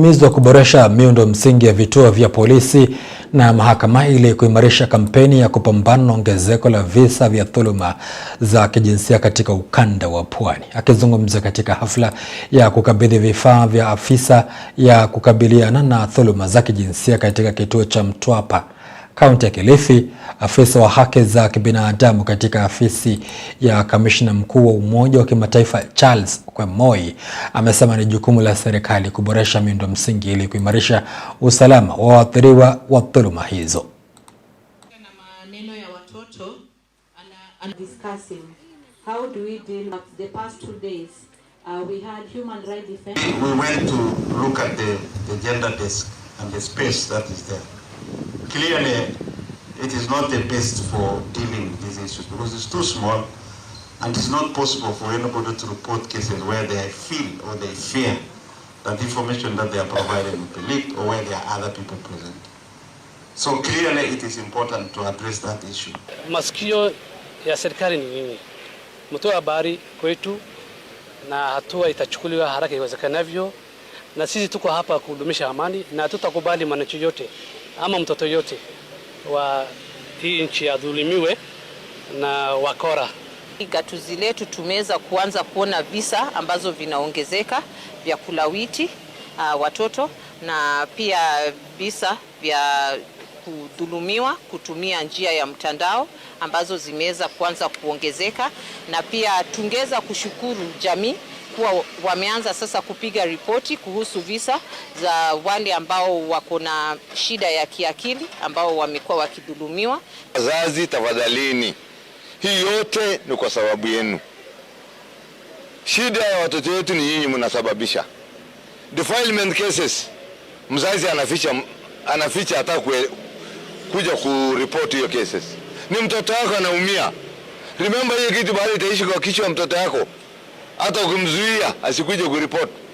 imehimizwa kuboresha miundo msingi ya vituo vya polisi na mahakama ili kuimarisha kampeni ya kupambana na ongezeko la visa vya dhuluma za kijinsia katika ukanda wa Pwani. Akizungumza katika hafla ya kukabidhi vifaa vya afisa ya kukabiliana na dhuluma za kijinsia katika kituo cha Mtwapa kaunti ya Kilifi, afisa wa haki za kibinadamu katika afisi ya kamishna mkuu wa Umoja wa Kimataifa Charles Kwemoi amesema ni jukumu la serikali kuboresha miundo msingi ili kuimarisha usalama wa waathiriwa wa dhuluma hizo. Uh, we went to look at the, the gender desk and the space that is there clearly it is not the best for dealing with these issues because it's too small and it's not possible for anybody to report cases where they feel or they fear that the information that they are providing will be leaked or where there are other people present. So clearly it is important to address that issue. Masikio ya serikali ni nini? Mtoe habari kwetu na hatua itachukuliwa haraka iwezekanavyo, na sisi tuko hapa kudumisha amani na hatutakubali mwananchi yote ama mtoto yote wa hii nchi adhulumiwe na wakora. Gatuzi letu tumeweza kuanza kuona visa ambazo vinaongezeka vya kulawiti uh, watoto na pia visa vya kudhulumiwa kutumia njia ya mtandao ambazo zimeweza kuanza kuongezeka, na pia tungeweza kushukuru jamii kuwa wameanza sasa kupiga ripoti kuhusu visa za wale ambao wako na shida ya kiakili ambao wamekuwa wakidhulumiwa. Wazazi tafadhalini, hii yote ni kwa sababu yenu. Shida ya watoto wetu ni nyinyi mnasababisha. Defilement cases, mzazi anaficha anaficha hata kuja kuripoti hiyo cases. Ni mtoto wako anaumia. Remember hiyo kitu bali itaishi kwa kichwa mtoto wako, hata ukimzuia asikuje kuripoti.